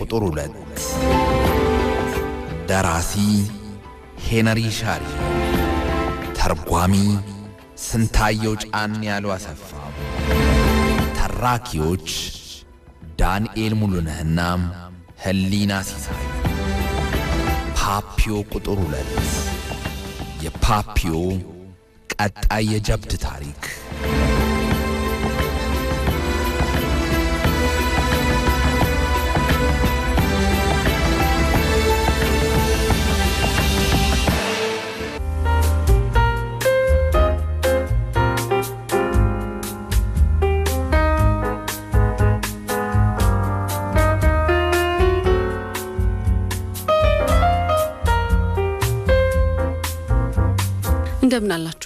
ቁጥር 2 ደራሲ ሄነሪ ሻሪ፣ ተርጓሚ ስንታየው ጫን ያሉ አሰፋ፣ ተራኪዎች ዳንኤል ሙሉነህና ህሊና ሲሳይ። ፓፒዮ ቁጥር 2 የፓፒዮ ቀጣይ የጀብድ ታሪክ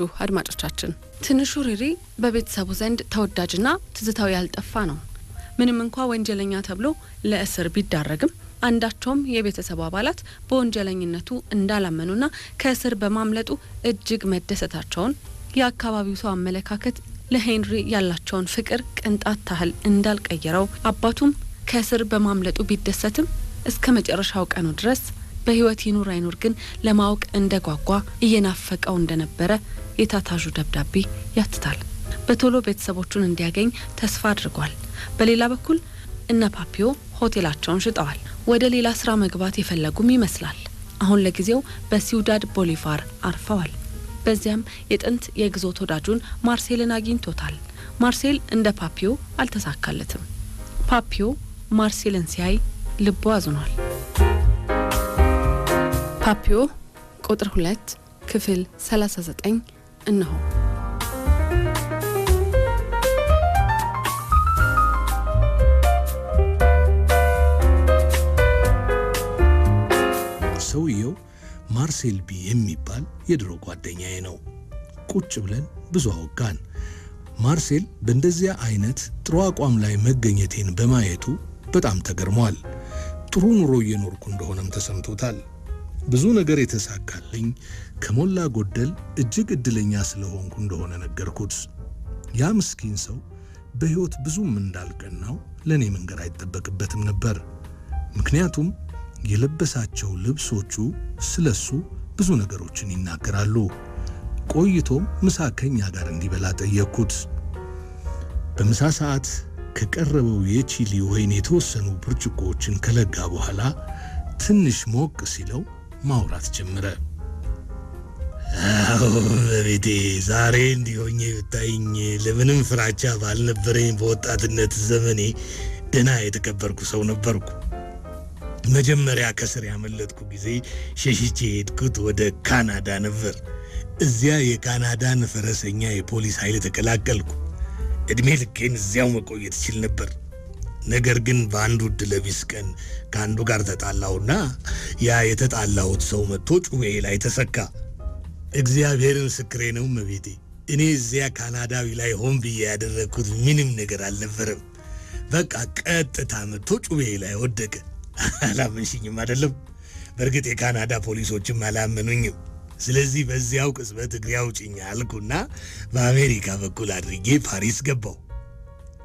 አላችሁ አድማጮቻችን? ትንሹ ሪሪ በቤተሰቡ ዘንድ ተወዳጅና ትዝታው ያልጠፋ ነው። ምንም እንኳ ወንጀለኛ ተብሎ ለእስር ቢዳረግም አንዳቸውም የቤተሰቡ አባላት በወንጀለኝነቱ እንዳላመኑና ከእስር በማምለጡ እጅግ መደሰታቸውን የአካባቢው ሰው አመለካከት ለሄንሪ ያላቸውን ፍቅር ቅንጣት ታህል እንዳልቀየረው አባቱም ከእስር በማምለጡ ቢደሰትም እስከ መጨረሻው ቀኑ ድረስ በህይወት ይኑር አይኑር ግን ለማወቅ እንደጓጓ እየናፈቀው እንደነበረ የታታዡ ደብዳቤ ያትታል። በቶሎ ቤተሰቦቹን እንዲያገኝ ተስፋ አድርጓል። በሌላ በኩል እነ ፓፒዮ ሆቴላቸውን ሽጠዋል። ወደ ሌላ ስራ መግባት የፈለጉም ይመስላል። አሁን ለጊዜው በሲውዳድ ቦሊቫር አርፈዋል። በዚያም የጥንት የግዞት ወዳጁን ማርሴልን አግኝቶታል። ማርሴል እንደ ፓፒዮ አልተሳካለትም። ፓፒዮ ማርሴልን ሲያይ ልቦ አዝኗል። ፓፒዮ ቁጥር 2 ክፍል 39 እነሆ። ሰውየው ማርሴል ቢ የሚባል የድሮ ጓደኛዬ ነው። ቁጭ ብለን ብዙ አወጋን። ማርሴል በእንደዚያ አይነት ጥሩ አቋም ላይ መገኘቴን በማየቱ በጣም ተገርሟል። ጥሩ ኑሮ እየኖርኩ እንደሆነም ተሰምቶታል። ብዙ ነገር የተሳካልኝ ከሞላ ጎደል እጅግ እድለኛ ስለሆንኩ እንደሆነ ነገርኩት። ያ ምስኪን ሰው በሕይወት ብዙም እንዳልቀናው ለእኔ መንገር አይጠበቅበትም ነበር። ምክንያቱም የለበሳቸው ልብሶቹ ስለሱ ብዙ ነገሮችን ይናገራሉ። ቆይቶም ምሳ ከኛ ጋር እንዲበላ ጠየቅኩት። በምሳ ሰዓት ከቀረበው የቺሊ ወይን የተወሰኑ ብርጭቆዎችን ከለጋ በኋላ ትንሽ ሞቅ ሲለው ማውራት ጀመረ። አዎ በቤቴ ዛሬ እንዲሆኝ ብታይኝ ለምንም ፍራቻ ባልነበረኝ በወጣትነት ዘመኔ ደና የተከበርኩ ሰው ነበርኩ። መጀመሪያ ከስር ያመለጥኩ ጊዜ ሸሽቼ የሄድኩት ወደ ካናዳ ነበር። እዚያ የካናዳን ፈረሰኛ የፖሊስ ኃይል ተቀላቀልኩ። ዕድሜ ልኬን እዚያው መቆየት እችል ነበር። ነገር ግን በአንድ ውድ ለቢስ ቀን ከአንዱ ጋር ተጣላሁና ያ የተጣላሁት ሰው መጥቶ ጩቤ ላይ ተሰካ። እግዚአብሔርን ምስክሬ ነው እመቤቴ፣ እኔ እዚያ ካናዳዊ ላይ ሆን ብዬ ያደረግኩት ምንም ነገር አልነበረም። በቃ ቀጥታ መጥቶ ጩቤ ላይ ወደቀ። አላመንሽኝም አይደለም? በእርግጥ የካናዳ ፖሊሶችም አላመኑኝም። ስለዚህ በዚያው ቅጽበት እግሬ አልኩና በአሜሪካ በኩል አድርጌ ፓሪስ ገባው።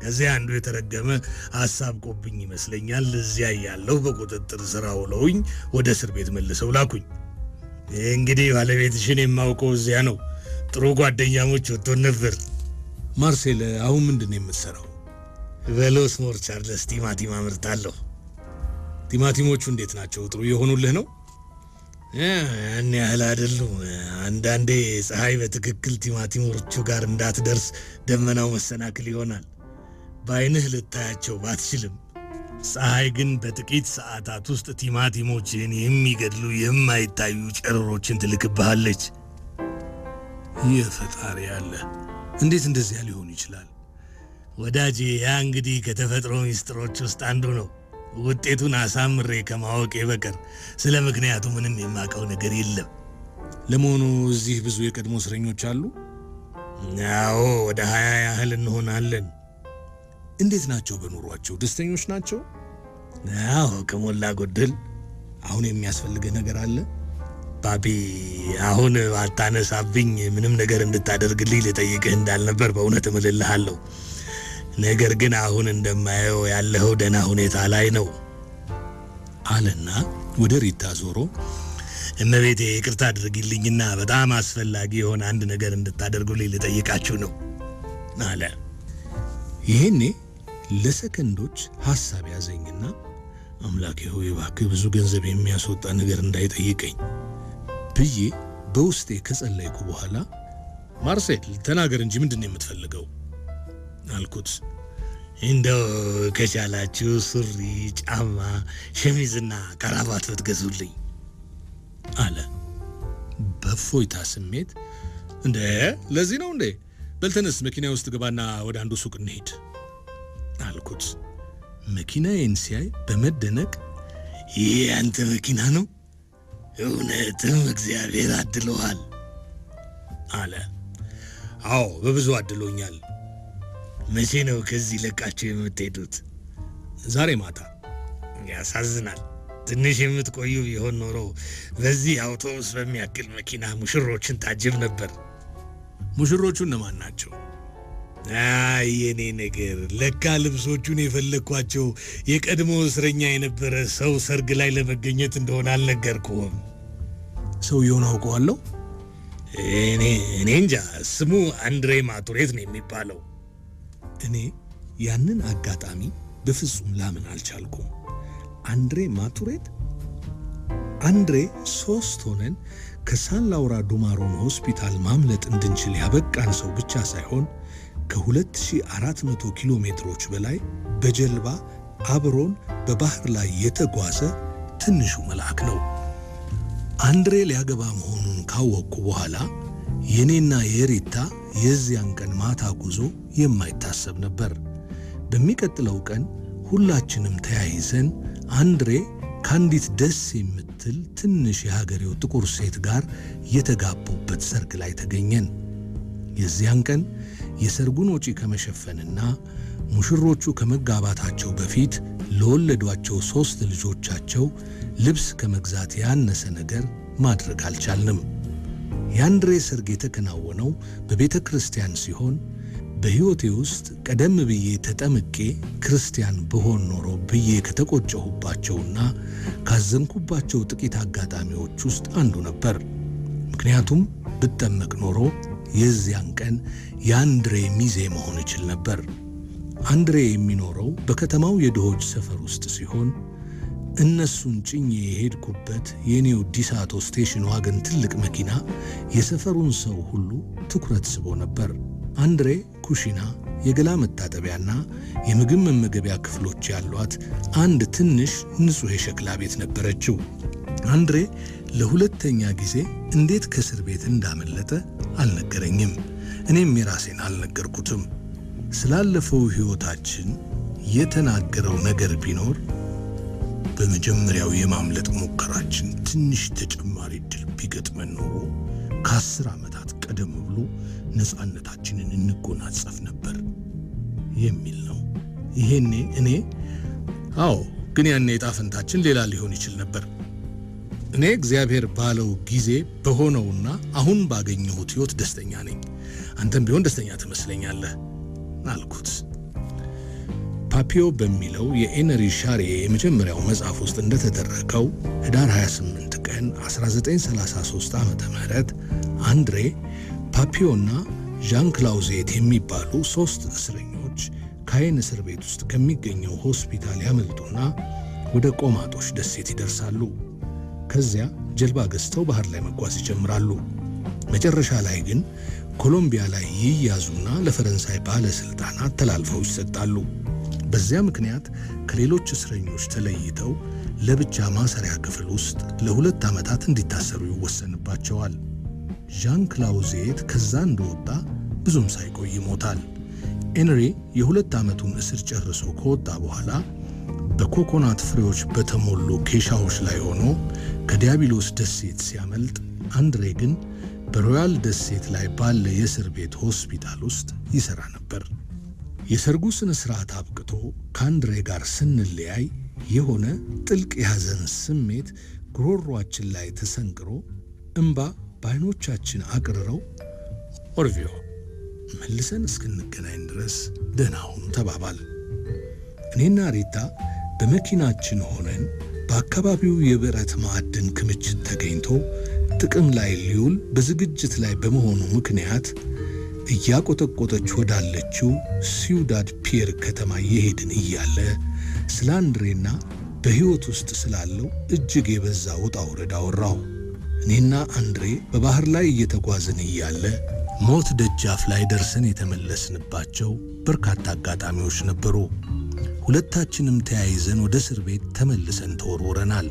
ከዚያ አንዱ የተረገመ ቆብኝ ይመስለኛል። እዚያ ያለው በቁጥጥር ስር አውለውኝ ወደ እስር ቤት መልሰው ላኩኝ። ይህ እንግዲህ ባለቤትሽን የማውቀው እዚያ ነው። ጥሩ ጓደኛሞች ወጥቶን ነበር። ማርሴል፣ አሁን ምንድን ነው የምትሠራው? በሎስ ቻርለስ ቲማቲም አምርታለሁ። ቲማቲሞቹ እንዴት ናቸው? ጥሩ የሆኑልህ ነው? ያን ያህል አይደሉም። አንዳንዴ ፀሐይ በትክክል ቲማቲሞቹ ጋር እንዳትደርስ ደመናው መሰናክል ይሆናል። በዓይንህ ልታያቸው ባትችልም ፀሐይ ግን በጥቂት ሰዓታት ውስጥ ቲማቲሞችን የሚገድሉ የማይታዩ ጨረሮችን ትልክብሃለች። ይህ ፈጣሪ አለ! እንዴት እንደዚያ ሊሆን ይችላል? ወዳጄ፣ ያ እንግዲህ ከተፈጥሮ ሚስጥሮች ውስጥ አንዱ ነው። ውጤቱን አሳምሬ ከማወቄ በቀር ስለ ምክንያቱ ምንም የማውቀው ነገር የለም። ለመሆኑ እዚህ ብዙ የቀድሞ እስረኞች አሉ? አዎ፣ ወደ ሀያ ያህል እንሆናለን። እንዴት ናቸው? በኑሯቸው ደስተኞች ናቸው? አዎ፣ ከሞላ ጎደል። አሁን የሚያስፈልግህ ነገር አለ? ባቢ፣ አሁን ባታነሳብኝ ምንም ነገር እንድታደርግልኝ ልጠይቅህ እንዳልነበር በእውነት እምልልሃለሁ። ነገር ግን አሁን እንደማየው ያለኸው ደህና ሁኔታ ላይ ነው አለና ወደ ሪታ ዞሮ እመቤቴ ይቅርታ አድርጊልኝና በጣም አስፈላጊ የሆነ አንድ ነገር እንድታደርጉልኝ ልጠይቃችሁ ነው አለ። ይሄኔ ለሰከንዶች ሐሳብ ያዘኝና አምላክ ሆይ እባክህ ብዙ ገንዘብ የሚያስወጣ ነገር እንዳይጠይቀኝ ብዬ በውስጤ ከጸለይኩ በኋላ ማርሴል ተናገር እንጂ ምንድን ነው የምትፈልገው አልኩት። እንደው ከቻላችሁ ሱሪ፣ ጫማ፣ ሸሚዝና ከራባት ብትገዙልኝ አለ በፎይታ ስሜት። እንደ ለዚህ ነው እንዴ? በልተነስ መኪና ውስጥ ግባና ወደ አንዱ ሱቅ እንሄድ አልኩት። መኪናዬን ሲያይ በመደነቅ ይህ ያንተ መኪና ነው? እውነትም እግዚአብሔር አድለዋል አለ። አዎ በብዙ አድሎኛል። መቼ ነው ከዚህ ለቃችሁ የምትሄዱት? ዛሬ ማታ። ያሳዝናል። ትንሽ የምትቆዩ ቢሆን ኖሮ በዚህ አውቶቡስ በሚያክል መኪና ሙሽሮችን ታጅብ ነበር። ሙሽሮቹ እነማን ናቸው? አይ የኔ ነገር ለካ ልብሶቹን የፈለግኳቸው የቀድሞ እስረኛ የነበረ ሰው ሰርግ ላይ ለመገኘት እንደሆነ አልነገርኩም። ሰውየውን አውቀዋለሁ? እኔ እኔ እንጃ ስሙ አንድሬ ማቱሬት ነው የሚባለው። እኔ ያንን አጋጣሚ በፍጹም ላምን አልቻልኩም። አንድሬ ማቱሬት አንድሬ ሶስት ሆነን ከሳን ላውራ ዱማሮን ሆስፒታል ማምለጥ እንድንችል ያበቃን ሰው ብቻ ሳይሆን ከ2400 ኪሎ ሜትሮች በላይ በጀልባ አብሮን በባህር ላይ የተጓዘ ትንሹ መልአክ ነው። አንድሬ ሊያገባ መሆኑን ካወቅኩ በኋላ የኔና የሪታ የዚያን ቀን ማታ ጉዞ የማይታሰብ ነበር። በሚቀጥለው ቀን ሁላችንም ተያይዘን አንድሬ ከአንዲት ደስ የምትል ትንሽ የሀገሬው ጥቁር ሴት ጋር የተጋቡበት ሰርግ ላይ ተገኘን። የዚያን ቀን የሰርጉን ወጪ ከመሸፈንና ሙሽሮቹ ከመጋባታቸው በፊት ለወለዷቸው ሦስት ልጆቻቸው ልብስ ከመግዛት ያነሰ ነገር ማድረግ አልቻልንም። የአንድሬ ሰርግ የተከናወነው በቤተ ክርስቲያን ሲሆን በሕይወቴ ውስጥ ቀደም ብዬ ተጠምቄ ክርስቲያን ብሆን ኖሮ ብዬ ከተቆጨሁባቸውና ካዘንኩባቸው ጥቂት አጋጣሚዎች ውስጥ አንዱ ነበር። ምክንያቱም ብጠመቅ ኖሮ የዚያን ቀን የአንድሬ ሚዜ መሆን እችል ነበር። አንድሬ የሚኖረው በከተማው የድሆች ሰፈር ውስጥ ሲሆን እነሱን ጭኜ የሄድኩበት የኔው ዲሳቶ ስቴሽን ዋገን ትልቅ መኪና የሰፈሩን ሰው ሁሉ ትኩረት ስቦ ነበር። አንድሬ ኩሽና፣ የገላ መታጠቢያና የምግብ መመገቢያ ክፍሎች ያሏት አንድ ትንሽ ንጹሕ የሸክላ ቤት ነበረችው። አንድሬ ለሁለተኛ ጊዜ እንዴት ከእስር ቤት እንዳመለጠ አልነገረኝም። እኔም የራሴን አልነገርኩትም። ስላለፈው ሕይወታችን የተናገረው ነገር ቢኖር በመጀመሪያው የማምለጥ ሙከራችን ትንሽ ተጨማሪ ድል ቢገጥመን ኖሮ ከአስር ዓመታት ቀደም ብሎ ነፃነታችንን እንጎናጸፍ ነበር የሚል ነው። ይሄኔ እኔ አዎ፣ ግን ያኔ የጣፈንታችን ሌላ ሊሆን ይችል ነበር እኔ እግዚአብሔር ባለው ጊዜ በሆነውና አሁን ባገኘሁት ሕይወት ደስተኛ ነኝ። አንተም ቢሆን ደስተኛ ትመስለኛለህ አልኩት። ፓፒዮ በሚለው የኤነሪ ሻሬ የመጀመሪያው መጽሐፍ ውስጥ እንደተደረገው ህዳር 28 ቀን 1933 ዓ ም አንድሬ ፓፒዮና ዣን ክላውዜት የሚባሉ ሦስት እስረኞች ካይን እስር ቤት ውስጥ ከሚገኘው ሆስፒታል ያመልጡና ወደ ቆማጦች ደሴት ይደርሳሉ። ከዚያ ጀልባ ገዝተው ባህር ላይ መጓዝ ይጀምራሉ። መጨረሻ ላይ ግን ኮሎምቢያ ላይ ይያዙና ለፈረንሳይ ባለሥልጣናት ተላልፈው ይሰጣሉ። በዚያ ምክንያት ከሌሎች እስረኞች ተለይተው ለብቻ ማሰሪያ ክፍል ውስጥ ለሁለት ዓመታት እንዲታሰሩ ይወሰንባቸዋል። ዣን ክላውዜት ከዛ እንደወጣ ብዙም ሳይቆይ ይሞታል። ኤንሪ የሁለት ዓመቱን እስር ጨርሶ ከወጣ በኋላ በኮኮናት ፍሬዎች በተሞሉ ኬሻዎች ላይ ሆኖ ከዲያብሎስ ደሴት ሲያመልጥ፣ አንድሬ ግን በሮያል ደሴት ላይ ባለ የእስር ቤት ሆስፒታል ውስጥ ይሠራ ነበር። የሰርጉ ሥነ ሥርዓት አብቅቶ ከአንድሬ ጋር ስንለያይ የሆነ ጥልቅ የሐዘን ስሜት ጉሮሯችን ላይ ተሰንቅሮ እምባ በዐይኖቻችን አቅርረው ኦርቪዮ መልሰን እስክንገናኝ ድረስ ደህና ሁኑ ተባባል። እኔና ሪታ በመኪናችን ሆነን በአካባቢው የብረት ማዕድን ክምችት ተገኝቶ ጥቅም ላይ ሊውል በዝግጅት ላይ በመሆኑ ምክንያት እያቆጠቆጠች ወዳለችው ሲዩዳድ ፒየር ከተማ የሄድን እያለ ስለ አንድሬና በሕይወት ውስጥ ስላለው እጅግ የበዛ ውጣ ውረድ አወራው። እኔና አንድሬ በባሕር ላይ እየተጓዝን እያለ ሞት ደጃፍ ላይ ደርሰን የተመለስንባቸው በርካታ አጋጣሚዎች ነበሩ። ሁለታችንም ተያይዘን ወደ እስር ቤት ተመልሰን ተወርውረናል።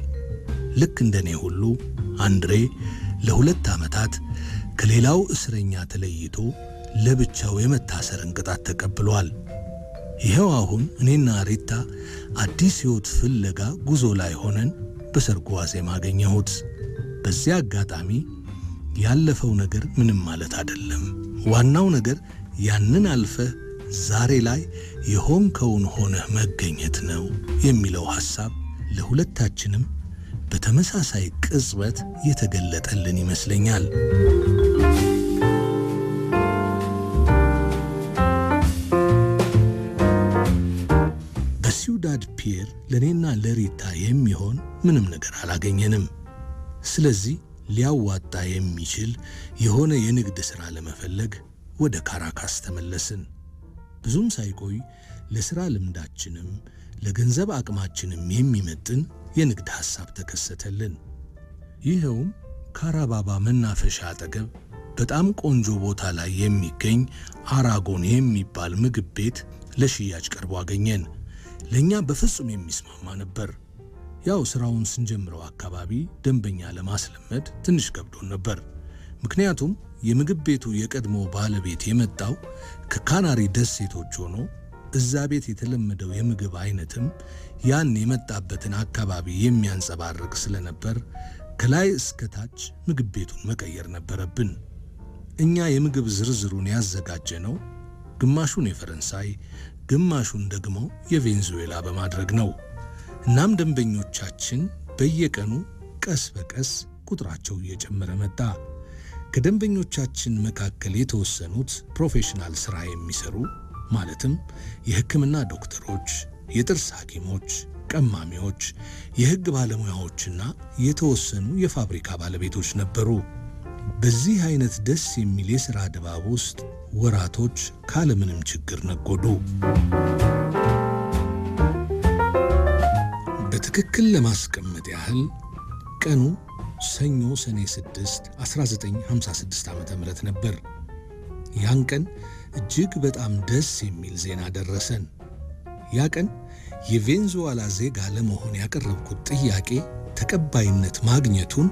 ልክ እንደኔ ሁሉ አንድሬ ለሁለት ዓመታት ከሌላው እስረኛ ተለይቶ ለብቻው የመታሰርን ቅጣት ተቀብሏል። ይኸው አሁን እኔና ሪታ አዲስ ሕይወት ፍለጋ ጉዞ ላይ ሆነን በሰርጉ ዋዜማ አገኘሁት። በዚያ አጋጣሚ ያለፈው ነገር ምንም ማለት አይደለም። ዋናው ነገር ያንን አልፈህ ዛሬ ላይ የሆንከውን ሆነህ መገኘት ነው የሚለው ሐሳብ ለሁለታችንም በተመሳሳይ ቅጽበት የተገለጠልን ይመስለኛል። በሲውዳድ ፒየር ለእኔና ለሪታ የሚሆን ምንም ነገር አላገኘንም። ስለዚህ ሊያዋጣ የሚችል የሆነ የንግድ ሥራ ለመፈለግ ወደ ካራካስ ተመለስን። ብዙም ሳይቆይ ለሥራ ልምዳችንም ለገንዘብ አቅማችንም የሚመጥን የንግድ ሐሳብ ተከሰተልን። ይኸውም ካራባባ መናፈሻ አጠገብ በጣም ቆንጆ ቦታ ላይ የሚገኝ አራጎን የሚባል ምግብ ቤት ለሽያጭ ቀርቦ አገኘን። ለእኛ በፍጹም የሚስማማ ነበር። ያው ሥራውን ስንጀምረው አካባቢ ደንበኛ ለማስለመድ ትንሽ ገብዶን ነበር። ምክንያቱም የምግብ ቤቱ የቀድሞ ባለቤት የመጣው ከካናሪ ደሴቶች ሆኖ እዛ ቤት የተለመደው የምግብ አይነትም ያን የመጣበትን አካባቢ የሚያንጸባርቅ ስለነበር ከላይ እስከ ታች ምግብ ቤቱን መቀየር ነበረብን። እኛ የምግብ ዝርዝሩን ያዘጋጀ ነው ግማሹን የፈረንሳይ ግማሹን ደግሞ የቬንዙዌላ በማድረግ ነው። እናም ደንበኞቻችን በየቀኑ ቀስ በቀስ ቁጥራቸው እየጨመረ መጣ። ከደንበኞቻችን መካከል የተወሰኑት ፕሮፌሽናል ሥራ የሚሰሩ ማለትም የሕክምና ዶክተሮች፣ የጥርስ ሐኪሞች፣ ቀማሚዎች፣ የሕግ ባለሙያዎችና የተወሰኑ የፋብሪካ ባለቤቶች ነበሩ። በዚህ አይነት ደስ የሚል የሥራ ድባብ ውስጥ ወራቶች ካለምንም ችግር ነጎዱ። በትክክል ለማስቀመጥ ያህል ቀኑ ሰኞ ሰኔ 6 1956 ዓ ም ነበር። ያን ቀን እጅግ በጣም ደስ የሚል ዜና ደረሰን። ያ ቀን የቬንዙዋላ ዜጋ ለመሆን ያቀረብኩት ጥያቄ ተቀባይነት ማግኘቱን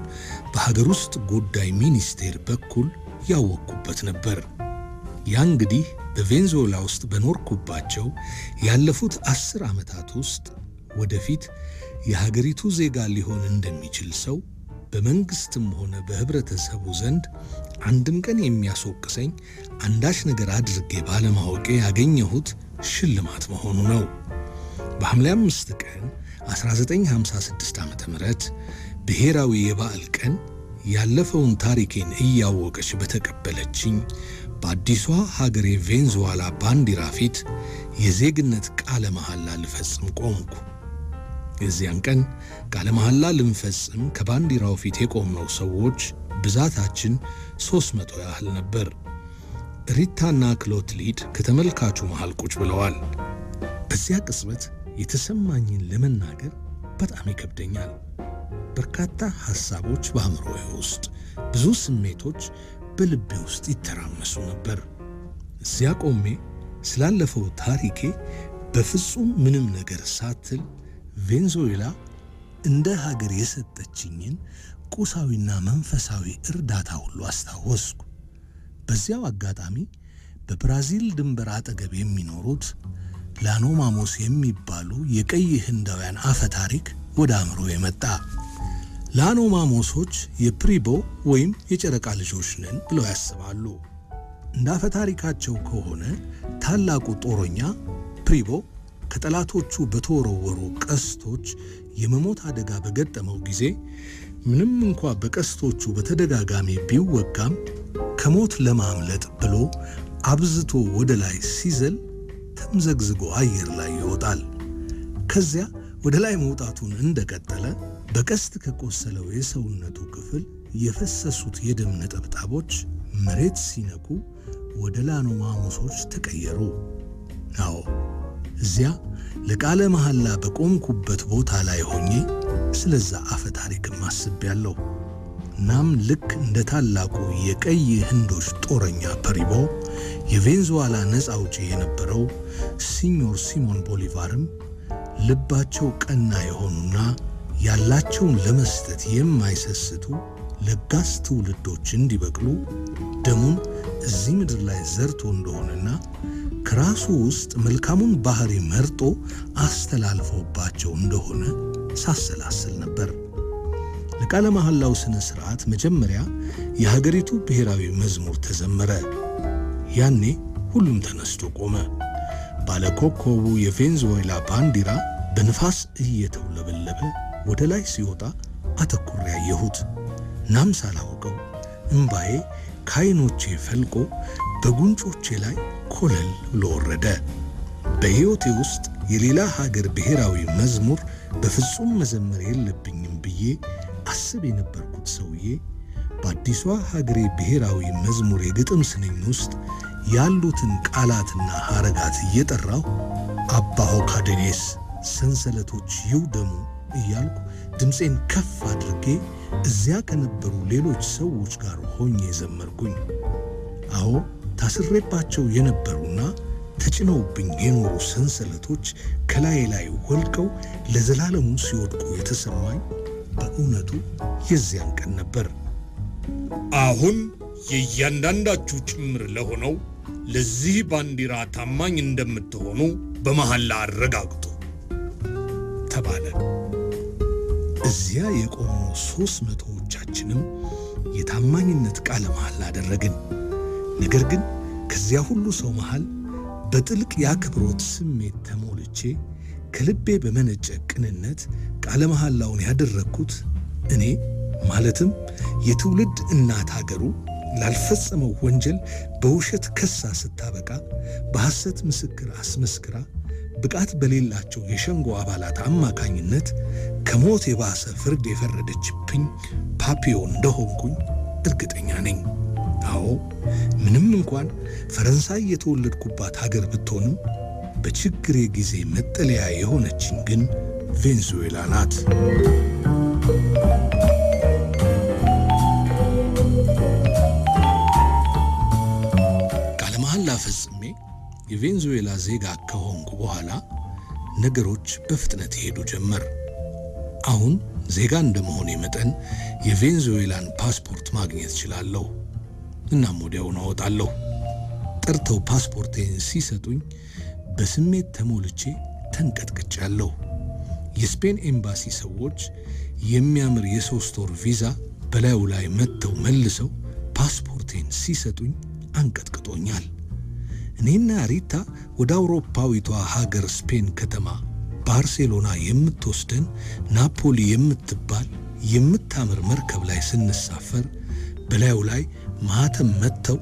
በሀገር ውስጥ ጉዳይ ሚኒስቴር በኩል ያወቅኩበት ነበር። ያ እንግዲህ በቬንዙዌላ ውስጥ በኖርኩባቸው ያለፉት አስር ዓመታት ውስጥ ወደፊት የሀገሪቱ ዜጋ ሊሆን እንደሚችል ሰው በመንግስትም ሆነ በህብረተሰቡ ዘንድ አንድም ቀን የሚያስወቅሰኝ አንዳች ነገር አድርጌ ባለማወቄ ያገኘሁት ሽልማት መሆኑ ነው። በሐምሌ አምስት ቀን 1956 ዓ ም ብሔራዊ የበዓል ቀን ያለፈውን ታሪኬን እያወቀች በተቀበለችኝ በአዲሷ ሀገሬ ቬንዙዋላ ባንዲራ ፊት የዜግነት ቃለ መሐላ ልፈጽም ቆምኩ። የዚያን ቀን ቃለ መሐላ ልንፈጽም ከባንዲራው ፊት የቆምነው ሰዎች ብዛታችን ሦስት መቶ ያህል ነበር። ሪታና ክሎትሊድ ከተመልካቹ መሃል ቁጭ ብለዋል። በዚያ ቅጽበት የተሰማኝን ለመናገር በጣም ይከብደኛል። በርካታ ሐሳቦች በአእምሮዬ ውስጥ፣ ብዙ ስሜቶች በልቤ ውስጥ ይተራመሱ ነበር። እዚያ ቆሜ ስላለፈው ታሪኬ በፍጹም ምንም ነገር ሳትል ቬንዙዌላ እንደ ሀገር የሰጠችኝን ቁሳዊና መንፈሳዊ እርዳታ ሁሉ አስታወስኩ። በዚያው አጋጣሚ በብራዚል ድንበር አጠገብ የሚኖሩት ላኖማሞስ የሚባሉ የቀይ ህንዳውያን አፈ ታሪክ ወደ አእምሮ የመጣ ላኖማሞሶች የፕሪቦ ወይም የጨረቃ ልጆች ነን ብለው ያስባሉ። እንደ አፈ ታሪካቸው ከሆነ ታላቁ ጦረኛ ፕሪቦ ከጠላቶቹ በተወረወሩ ቀስቶች የመሞት አደጋ በገጠመው ጊዜ ምንም እንኳ በቀስቶቹ በተደጋጋሚ ቢወጋም ከሞት ለማምለጥ ብሎ አብዝቶ ወደ ላይ ሲዘል ተምዘግዝጎ አየር ላይ ይወጣል። ከዚያ ወደ ላይ መውጣቱን እንደቀጠለ በቀስት ከቆሰለው የሰውነቱ ክፍል የፈሰሱት የደም ነጠብጣቦች መሬት ሲነኩ ወደ ላኑ ማሙሶች ተቀየሩ። አዎ እዚያ ለቃለ መሐላ በቆምኩበት ቦታ ላይ ሆኜ ስለዛ አፈ ታሪክም አስቤያለሁ። እናም ልክ እንደ ታላቁ የቀይ ህንዶች ጦረኛ ፐሪቦ የቬንዙዋላ ነፃ አውጪ የነበረው ሲኞር ሲሞን ቦሊቫርም ልባቸው ቀና የሆኑና ያላቸውን ለመስጠት የማይሰስቱ ለጋስ ትውልዶች እንዲበቅሉ ደሙን እዚህ ምድር ላይ ዘርቶ እንደሆነና ከራሱ ውስጥ መልካሙን ባህሪ መርጦ አስተላልፎባቸው እንደሆነ ሳሰላስል ነበር። ለቃለ መሐላው ሥነ ሥርዓት መጀመሪያ የሀገሪቱ ብሔራዊ መዝሙር ተዘመረ። ያኔ ሁሉም ተነስቶ ቆመ። ባለኮከቡ የቬንዙዌላ ባንዲራ በንፋስ እየተውለበለበ ወደ ላይ ሲወጣ አተኩር ያየሁት። ናም ሳላውቀው እምባዬ ከዐይኖቼ ፈልቆ በጉንጮቼ ላይ ኮለል ብሎ ወረደ። በሕይወቴ ውስጥ የሌላ ሀገር ብሔራዊ መዝሙር በፍጹም መዘመር የለብኝም ብዬ አስብ የነበርኩት ሰውዬ በአዲሷ ሀገሬ ብሔራዊ መዝሙር የግጥም ስንኝ ውስጥ ያሉትን ቃላትና ሐረጋት እየጠራሁ አባሆ ካደኔስ ሰንሰለቶች ይውደሙ እያልኩ ድምፄን ከፍ አድርጌ እዚያ ከነበሩ ሌሎች ሰዎች ጋር ሆኜ ዘመርኩኝ። አዎ ታስሬባቸው የነበሩና ተጭነውብኝ የኖሩ ሰንሰለቶች ከላይ ላይ ወልቀው ለዘላለሙ ሲወድቁ የተሰማኝ በእውነቱ የዚያን ቀን ነበር። አሁን የእያንዳንዳችሁ ጭምር ለሆነው ለዚህ ባንዲራ ታማኝ እንደምትሆኑ በመሐላ አረጋግጡ ተባለ። እዚያ የቆሙ ሦስት መቶዎቻችንም የታማኝነት ቃለ መሐላ አደረግን። ነገር ግን ከዚያ ሁሉ ሰው መሃል በጥልቅ የአክብሮት ስሜት ተሞልቼ ከልቤ በመነጨ ቅንነት ቃለ መሐላውን ያደረግኩት እኔ ማለትም የትውልድ እናት ሀገሩ ላልፈጸመው ወንጀል በውሸት ከሳ ስታበቃ በሐሰት ምስክር አስመስክራ ብቃት በሌላቸው የሸንጎ አባላት አማካኝነት ከሞት የባሰ ፍርድ የፈረደችብኝ ፓፒዮ እንደሆንኩኝ እርግጠኛ ነኝ። አዎ ምንም እንኳን ፈረንሳይ የተወለድኩባት ሀገር ብትሆንም በችግሬ ጊዜ መጠለያ የሆነችኝ ግን ቬንዙዌላ ናት። ቃለ መሐላ ፈጽሜ የቬንዙዌላ ዜጋ ከሆንኩ በኋላ ነገሮች በፍጥነት ይሄዱ ጀመር። አሁን ዜጋ እንደመሆኔ መጠን የቬንዙዌላን ፓስፖርት ማግኘት እችላለሁ። እናም ወዲያውኑ አወጣለሁ። ጠርተው ፓስፖርቴን ሲሰጡኝ በስሜት ተሞልቼ ተንቀጥቅጫለሁ። የስፔን ኤምባሲ ሰዎች የሚያምር የሶስት ወር ቪዛ በላዩ ላይ መጥተው መልሰው ፓስፖርቴን ሲሰጡኝ አንቀጥቅጦኛል። እኔና ሪታ ወደ አውሮፓዊቷ ሀገር ስፔን ከተማ ባርሴሎና የምትወስደን ናፖሊ የምትባል የምታምር መርከብ ላይ ስንሳፈር በላዩ ላይ ማህተም መጥተው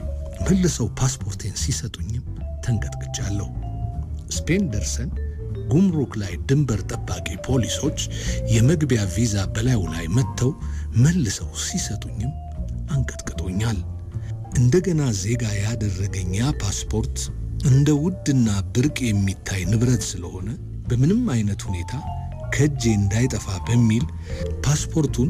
መልሰው ፓስፖርቴን ሲሰጡኝም ተንቀጥቅጫለሁ። ስፔን ደርሰን ጉምሩክ ላይ ድንበር ጠባቂ ፖሊሶች የመግቢያ ቪዛ በላዩ ላይ መጥተው መልሰው ሲሰጡኝም አንቀጥቅጦኛል። እንደገና ዜጋ ያደረገኝ ያ ፓስፖርት እንደ ውድና ብርቅ የሚታይ ንብረት ስለሆነ በምንም አይነት ሁኔታ ከእጄ እንዳይጠፋ በሚል ፓስፖርቱን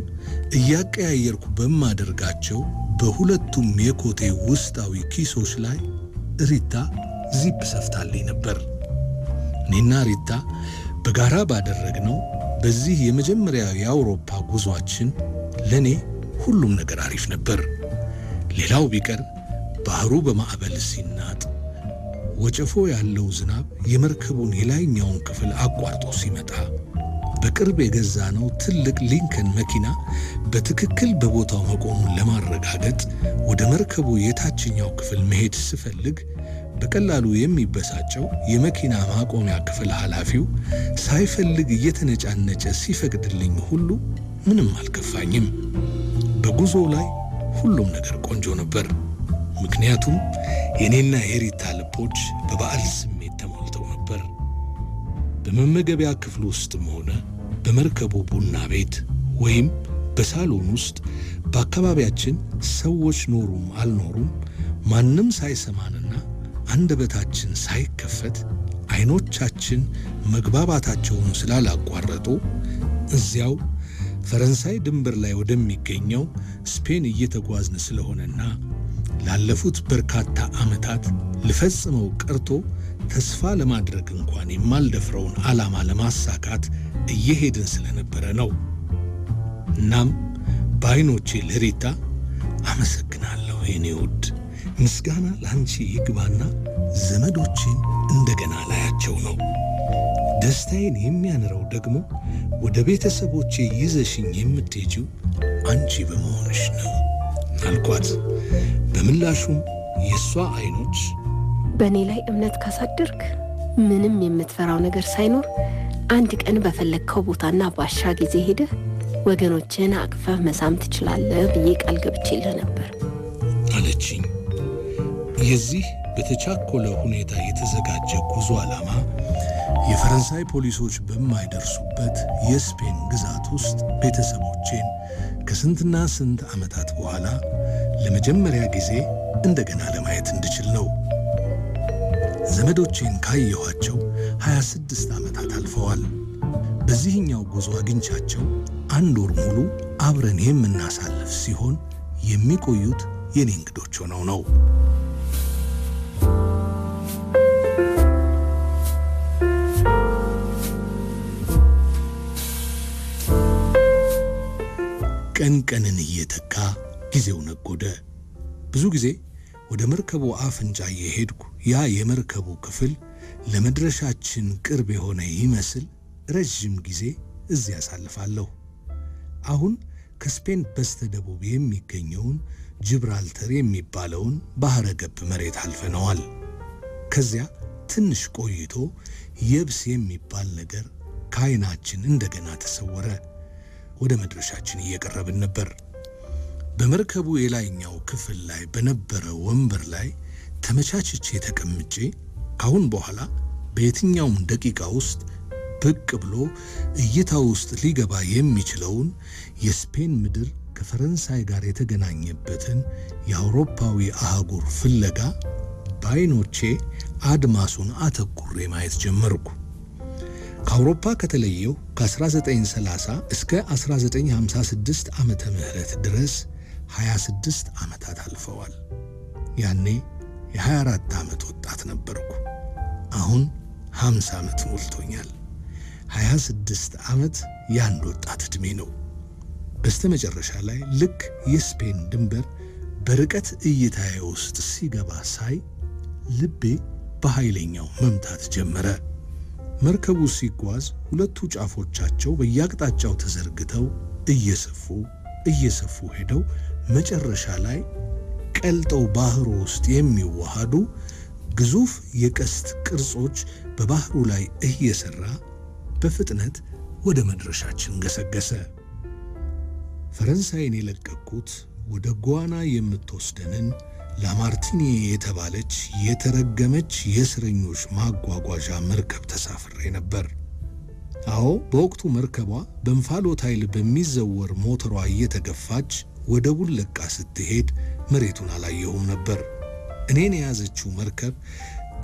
እያቀያየርኩ በማደርጋቸው በሁለቱም የኮቴ ውስጣዊ ኪሶች ላይ ሪታ ዚፕ ሰፍታልኝ ነበር። እኔና ሪታ በጋራ ባደረግነው በዚህ የመጀመሪያ የአውሮፓ ጉዟችን ለእኔ ሁሉም ነገር አሪፍ ነበር። ሌላው ቢቀር ባህሩ በማዕበል ሲናጥ፣ ወጨፎ ያለው ዝናብ የመርከቡን የላይኛውን ክፍል አቋርጦ ሲመጣ በቅርብ የገዛ ነው ትልቅ ሊንከን መኪና በትክክል በቦታው መቆሙን ለማረጋገጥ ወደ መርከቡ የታችኛው ክፍል መሄድ ስፈልግ በቀላሉ የሚበሳጨው የመኪና ማቆሚያ ክፍል ኃላፊው ሳይፈልግ እየተነጫነጨ ሲፈቅድልኝ ሁሉ ምንም አልከፋኝም። በጉዞ ላይ ሁሉም ነገር ቆንጆ ነበር፣ ምክንያቱም የኔና የሪታ ልቦች በበዓል በመመገቢያ ክፍል ውስጥም ሆነ በመርከቡ ቡና ቤት ወይም በሳሎን ውስጥ በአካባቢያችን ሰዎች ኖሩም አልኖሩም ማንም ሳይሰማንና አንደበታችን ሳይከፈት አይኖቻችን መግባባታቸውን ስላላቋረጡ እዚያው ፈረንሳይ ድንበር ላይ ወደሚገኘው ስፔን እየተጓዝን ስለሆነና ላለፉት በርካታ ዓመታት ልፈጽመው ቀርቶ ተስፋ ለማድረግ እንኳን የማልደፍረውን ዓላማ ለማሳካት እየሄድን ስለነበረ ነው። እናም በዐይኖቼ ለሪታ አመሰግናለሁ፣ የኔ ውድ ምስጋና ለአንቺ ይግባና ዘመዶችን እንደገና ላያቸው ነው። ደስታዬን የሚያንረው ደግሞ ወደ ቤተሰቦቼ ይዘሽኝ የምትሄጂው አንቺ በመሆንሽ ነው አልኳት። በምላሹም የእሷ ዐይኖች በእኔ ላይ እምነት ካሳደርክ ምንም የምትፈራው ነገር ሳይኖር አንድ ቀን በፈለግከው ቦታና ባሻ ጊዜ ሄደህ ወገኖችን አቅፈህ መሳም ትችላለህ ብዬ ቃል ገብቼልህ ነበር አለችኝ። የዚህ በተቻኮለ ሁኔታ የተዘጋጀ ጉዞ ዓላማ የፈረንሳይ ፖሊሶች በማይደርሱበት የስፔን ግዛት ውስጥ ቤተሰቦቼን ከስንትና ስንት ዓመታት በኋላ ለመጀመሪያ ጊዜ እንደገና ለማየት እንድችል ነው። ዘመዶቼን ካየኋቸው 26 ዓመታት አልፈዋል። በዚህኛው ጉዞ አግኝቻቸው አንድ ወር ሙሉ አብረን የምናሳልፍ ሲሆን የሚቆዩት የኔ እንግዶች ሆነው ነው። ቀን ቀንን እየተካ ጊዜው ነጎደ። ብዙ ጊዜ ወደ መርከቡ አፍንጫ እየሄድኩ ያ የመርከቡ ክፍል ለመድረሻችን ቅርብ የሆነ ይመስል ረዥም ጊዜ እዚያ ያሳልፋለሁ። አሁን ከስፔን በስተ ደቡብ የሚገኘውን ጅብራልተር የሚባለውን ባሕረ ገብ መሬት አልፈነዋል። ከዚያ ትንሽ ቆይቶ የብስ የሚባል ነገር ከዓይናችን እንደገና ተሰወረ። ወደ መድረሻችን እየቀረብን ነበር። በመርከቡ የላይኛው ክፍል ላይ በነበረ ወንበር ላይ ተመቻችቼ ተቀምጬ ካሁን በኋላ በየትኛውም ደቂቃ ውስጥ ብቅ ብሎ እይታ ውስጥ ሊገባ የሚችለውን የስፔን ምድር ከፈረንሳይ ጋር የተገናኘበትን የአውሮፓዊ አህጉር ፍለጋ በዓይኖቼ አድማሱን አተኩሬ ማየት ጀመርኩ። ከአውሮፓ ከተለየው ከ1930 እስከ 1956 ዓመተ ምህረት ድረስ 26 ዓመታት አልፈዋል። ያኔ የ24 ዓመት ወጣት ነበርኩ። አሁን 50 ዓመት ሞልቶኛል። 26 ዓመት የአንድ ወጣት ዕድሜ ነው። በስተ መጨረሻ ላይ ልክ የስፔን ድንበር በርቀት እይታዬ ውስጥ ሲገባ ሳይ ልቤ በኃይለኛው መምታት ጀመረ። መርከቡ ሲጓዝ ሁለቱ ጫፎቻቸው በየአቅጣጫው ተዘርግተው እየሰፉ እየሰፉ ሄደው መጨረሻ ላይ ቀልጠው ባህሩ ውስጥ የሚዋሃዱ ግዙፍ የቀስት ቅርጾች በባህሩ ላይ እየሰራ በፍጥነት ወደ መድረሻችን ገሰገሰ። ፈረንሳይን የለቀቅኩት ወደ ጓና የምትወስደንን ላማርቲኒ የተባለች የተረገመች የእስረኞች ማጓጓዣ መርከብ ተሳፍሬ ነበር። አዎ፣ በወቅቱ መርከቧ በእንፋሎት ኃይል በሚዘወር ሞተሯ እየተገፋች ወደቡን ለቃ ስትሄድ መሬቱን አላየሁም ነበር። እኔን የያዘችው መርከብ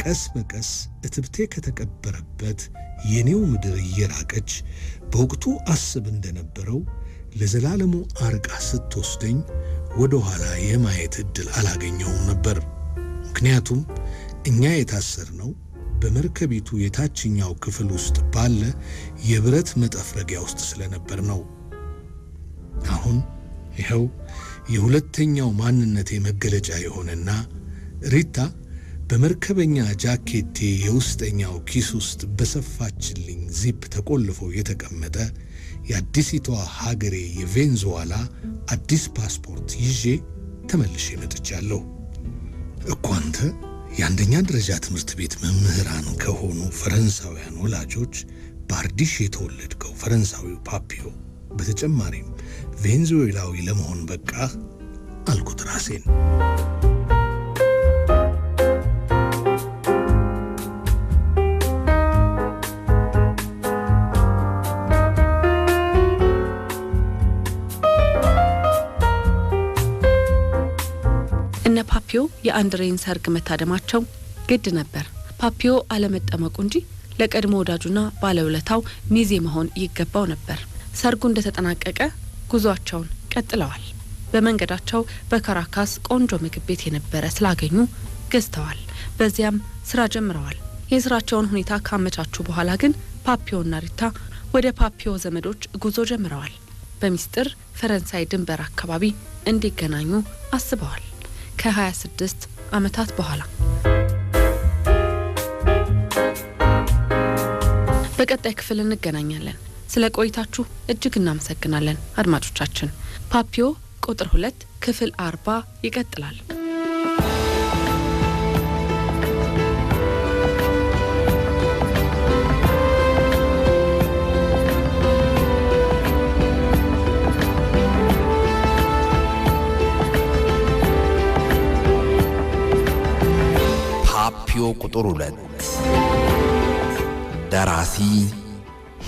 ቀስ በቀስ እትብቴ ከተቀበረበት የኔው ምድር እየራቀች በወቅቱ አስብ እንደነበረው ለዘላለሙ አርቃ ስትወስደኝ ወደ ኋላ የማየት ዕድል አላገኘውም ነበር። ምክንያቱም እኛ የታሰርነው በመርከቢቱ የታችኛው ክፍል ውስጥ ባለ የብረት መጠፍረጊያ ውስጥ ስለነበር ነው። አሁን ይኸው የሁለተኛው ማንነቴ መገለጫ የሆነና ሪታ በመርከበኛ ጃኬቴ የውስጠኛው ኪስ ውስጥ በሰፋችልኝ ዚፕ ተቆልፎ የተቀመጠ የአዲሲቷ ሀገሬ የቬንዙዋላ አዲስ ፓስፖርት ይዤ ተመልሼ መጥቻለሁ። እኮ አንተ የአንደኛ ደረጃ ትምህርት ቤት መምህራን ከሆኑ ፈረንሳውያን ወላጆች በአርዲሽ የተወለድከው ፈረንሳዊው ፓፒዮ በተጨማሪም ቬንዙዌላዊ ለመሆን በቃ አልኩት ራሴን። እነ ፓፒዮ የአንድሬን ሰርግ መታደማቸው ግድ ነበር። ፓፒዮ አለመጠመቁ እንጂ ለቀድሞ ወዳጁና ባለውለታው ሚዜ መሆን ይገባው ነበር። ሰርጉ እንደተጠናቀቀ ጉዟቸውን ቀጥለዋል። በመንገዳቸው በካራካስ ቆንጆ ምግብ ቤት የነበረ ስላገኙ ገዝተዋል። በዚያም ስራ ጀምረዋል። የስራቸውን ሁኔታ ካመቻቹ በኋላ ግን ፓፒዮና ሪታ ወደ ፓፒዮ ዘመዶች ጉዞ ጀምረዋል። በሚስጥር ፈረንሳይ ድንበር አካባቢ እንዲገናኙ አስበዋል። ከ26 ዓመታት በኋላ በቀጣይ ክፍል እንገናኛለን። ስለ ቆይታችሁ እጅግ እናመሰግናለን አድማጮቻችን። ፓፒዮ ቁጥር ሁለት ክፍል አርባ ይቀጥላል። ፓፒዮ ቁጥር ሁለት ደራሲ